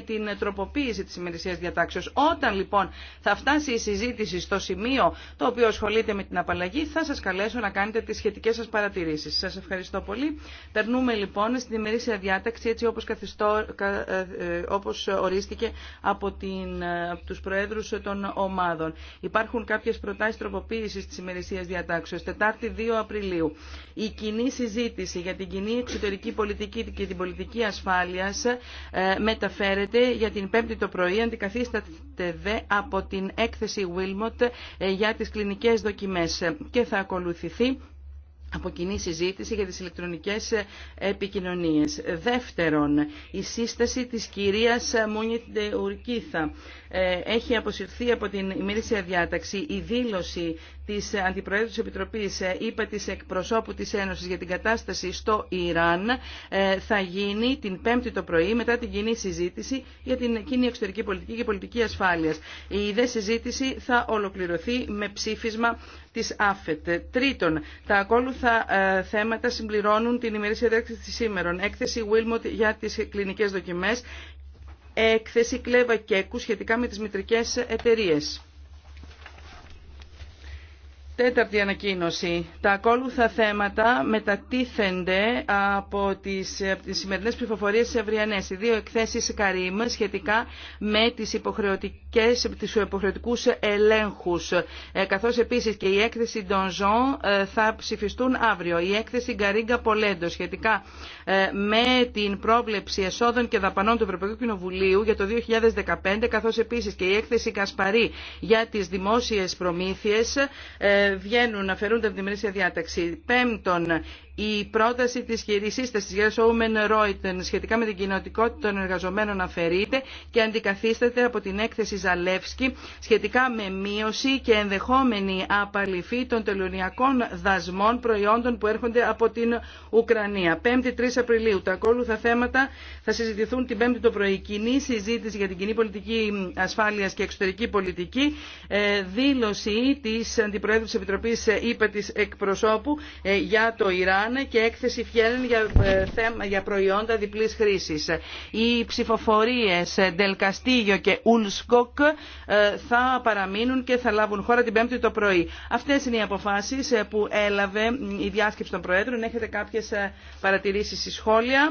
την τροποποίηση της ημερησίας διατάξεως. Όταν λοιπόν θα φτάσει η συζήτηση στο σημείο το οποίο ασχολείται με την απαλλαγή θα σας καλέσω να κάνετε τις σχετικές σας παρατηρήσεις. Σας ευχαριστώ πολύ. Περνούμε λοιπόν στην ημερήσια διάταξη έτσι όπως, ε, ε, όπως ορίστηκε από, την, ε, από τους Προέδρους των ομάδων. Υπάρχουν κάποιες προτάσεις τροποποίησης της ημερησίας διατάξεως. Τετάρτη 2 Απριλίου. Η κοινή συζήτηση για την κοινή εξωτερική πολιτική και την πολιτική ασφάλειας μεταφέρεται για την 5η το πρωί αντικαθίσταται δε από την έκθεση Wilmot ε, για τις κλινικές δοκιμές και θα ακολουθηθεί από κοινή συζήτηση για τις ηλεκτρονικές ε, επικοινωνίες. Δεύτερον, η σύσταση της κυρίας ε, Μούνιτ Ουρκίθα. Ε, έχει αποσυρθεί από την ημερήσια διάταξη η δήλωση της Αντιπροέδρου της Επιτροπής είπα της εκπροσώπου της Ένωσης για την κατάσταση στο Ιράν θα γίνει την Πέμπτη το πρωί μετά την κοινή συζήτηση για την κοινή εξωτερική πολιτική και πολιτική ασφάλειας. Η δε συζήτηση θα ολοκληρωθεί με ψήφισμα της ΑΦΕΤ. Τρίτον, τα ακόλουθα θα ε, θέματα συμπληρώνουν την ημερήσια διάρκεια της σήμερα. Έκθεση Wilmot για τις κλινικές δοκιμές, έκθεση Κλέβα Κέκου σχετικά με τι μητρικέ εταιρείε. Τέταρτη ανακοίνωση. Τα ακόλουθα θέματα μετατίθενται από τις, σημερινέ τις σημερινές ψηφοφορίες της Οι δύο εκθέσεις Καρύμ σχετικά με τις υποχρεωτικές, ελέγχου. υποχρεωτικούς ελέγχους. Ε, καθώς επίσης και η έκθεση Ντονζόν ε, θα ψηφιστούν αύριο. Η έκθεση Γκαρίγκα Πολέντο σχετικά ε, με την πρόβλεψη εσόδων και δαπανών του Ευρωπαϊκού Κοινοβουλίου για το 2015, καθώς επίσης και η έκθεση Κασπαρή για τις δημόσιες προμήθειες βγαίνουν, αφαιρούνται από τη μερίσια διάταξη. Πέμπτον, η πρόταση της χειρισίστας της κυρίας Όμεν Ρόιτεν σχετικά με την κοινοτικότητα των εργαζομένων αφαιρείται και αντικαθίσταται από την έκθεση Ζαλεύσκη σχετικά με μείωση και ενδεχόμενη απαλυφή των τελωνιακών δασμών προϊόντων που έρχονται από την Ουκρανία. 5η-3 Απριλίου. Τα ακόλουθα θέματα θα συζητηθούν την 5η το πρωί. Κοινή συζήτηση για την κοινή πολιτική ασφάλεια και εξωτερική πολιτική. Ε, δήλωση τη Αντιπροέδρου τη Επιτροπή ε, ΥΠΑ εκπροσώπου ε, για το Ιράν και έκθεση Φιέλν για, ε, για προϊόντα διπλής χρήσης. Οι ψηφοφορίες Δελκαστίγιο ε, και Ουλσκοκ ε, θα παραμείνουν και θα λάβουν χώρα την Πέμπτη το πρωί. Αυτές είναι οι αποφάσεις που έλαβε η διάσκεψη των Προέδρων. Έχετε κάποιες παρατηρήσεις ή σχόλια.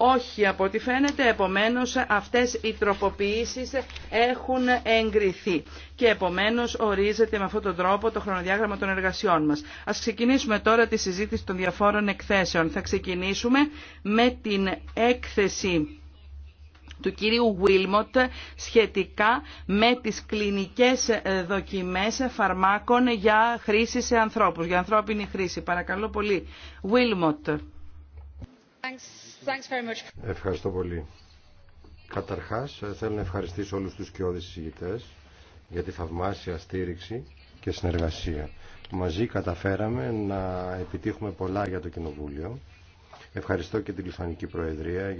Όχι από ό,τι φαίνεται, επομένως αυτές οι τροποποιήσεις έχουν εγκριθεί και επομένως ορίζεται με αυτόν τον τρόπο το χρονοδιάγραμμα των εργασιών μας. Ας ξεκινήσουμε τώρα τη συζήτηση των διαφόρων εκθέσεων. Θα ξεκινήσουμε με την έκθεση του κυρίου Βίλμοτ σχετικά με τις κλινικές δοκιμές φαρμάκων για χρήση σε ανθρώπους, για ανθρώπινη χρήση. Παρακαλώ πολύ. Βίλμοτ. Ευχαριστώ πολύ. Καταρχάς θέλω να ευχαριστήσω όλους τους κοιόδης συζητητές για τη θαυμάσια στήριξη και συνεργασία. Μαζί καταφέραμε να επιτύχουμε πολλά για το Κοινοβούλιο. Ευχαριστώ και την Λιθανική Προεδρία